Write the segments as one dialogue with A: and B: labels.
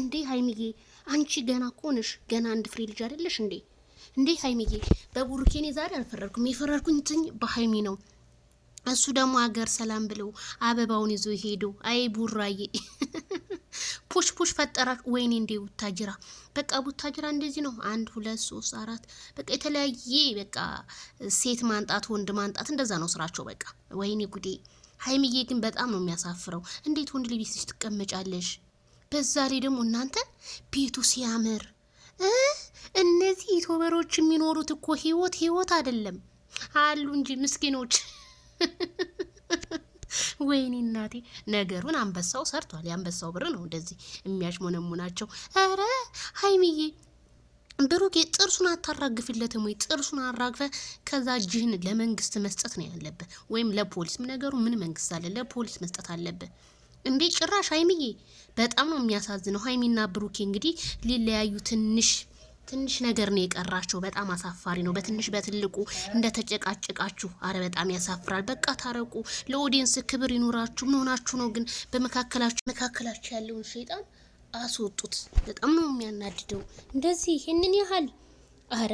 A: እንዴ ሀይሚዬ አንቺ ገና እኮ ነሽ፣ ገና አንድ ፍሬ ልጅ አይደለሽ እንዴ? እንዴ ሀይሚዬ በቡሩኬኔ ዛሬ አልፈረድኩም። የፈረድኩኝ ትኝ በሀይሚ ነው። እሱ ደግሞ አገር ሰላም ብለው አበባውን ይዞ ሄዶ አይ ቡራዬ ፑሽ ፑሽ ፈጠራች። ወይኔ እንዴ ቡታጅራ በቃ ቡታጅራ እንደዚህ ነው። አንድ ሁለት ሶስት አራት በቃ የተለያየ በቃ ሴት ማንጣት ወንድ ማንጣት እንደዛ ነው ስራቸው። በቃ ወይኔ ጉዴ። ሀይሚዬ ግን በጣም ነው የሚያሳፍረው። እንዴት ወንድ ልጅ ትቀመጫለሽ? በዛ ላይ ደግሞ እናንተ ቤቱ ሲያምር እነዚህ ኢቶበሮች የሚኖሩት እኮ ህይወት ህይወት አይደለም አሉ እንጂ ምስኪኖች። ወይኔ እናቴ፣ ነገሩን አንበሳው ሰርቷል። የአንበሳው ብር ነው እንደዚህ የሚያሽሞነሙ ናቸው። ኧረ ሀይሚዬ ብሩኬ ጥርሱን አታራግፊለትም ወይ? ጥርሱን አራግፈ ከዛ እጅህን ለመንግስት መስጠት ነው ያለብህ፣ ወይም ለፖሊስ። ነገሩ ምን መንግስት አለ? ለፖሊስ መስጠት አለብህ። እንዴ ጭራሽ ሀይሚዬ በጣም ነው የሚያሳዝነው። ሀይሚና ብሩኬ እንግዲህ ሊለያዩ ትንሽ ትንሽ ነገር ነው የቀራቸው። በጣም አሳፋሪ ነው። በትንሽ በትልቁ እንደተጨቃጨቃችሁ፣ አረ በጣም ያሳፍራል። በቃ ታረቁ። ለኦዲየንስ ክብር ይኑራችሁ። ምን ሆናችሁ ነው ግን? በመካከላችሁ መካከላችሁ ያለውን ሸይጣን አስወጡት። በጣም ነው የሚያናድደው እንደዚህ ይህንን ያህል አረ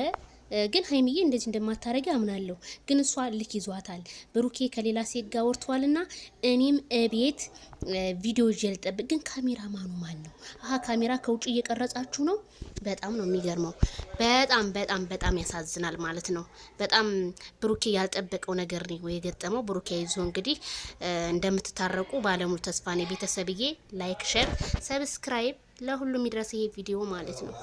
A: ግን ሀይሚዬ እንደዚህ እንደማታረጊ አምናለሁ። ግን እሷ ልክ ይዟታል። ብሩኬ ከሌላ ሴት ጋር ወርቷልና እኔም እቤት ቪዲዮ ይዤ ልጠብቅ። ግን ካሜራ ማኑ ማን ነው? አሀ ካሜራ ከውጭ እየቀረጻችሁ ነው። በጣም ነው የሚገርመው። በጣም በጣም በጣም ያሳዝናል ማለት ነው። በጣም ብሩኬ ያልጠበቀው ነገር ነው የገጠመው። ብሩኬ ይዞ እንግዲህ እንደምትታረቁ ባለሙሉ ተስፋ ነው። ቤተሰብዬ ላይክ፣ ሼር፣ ሰብስክራይብ ለሁሉም ይድረስ ይሄ ቪዲዮ ማለት ነው።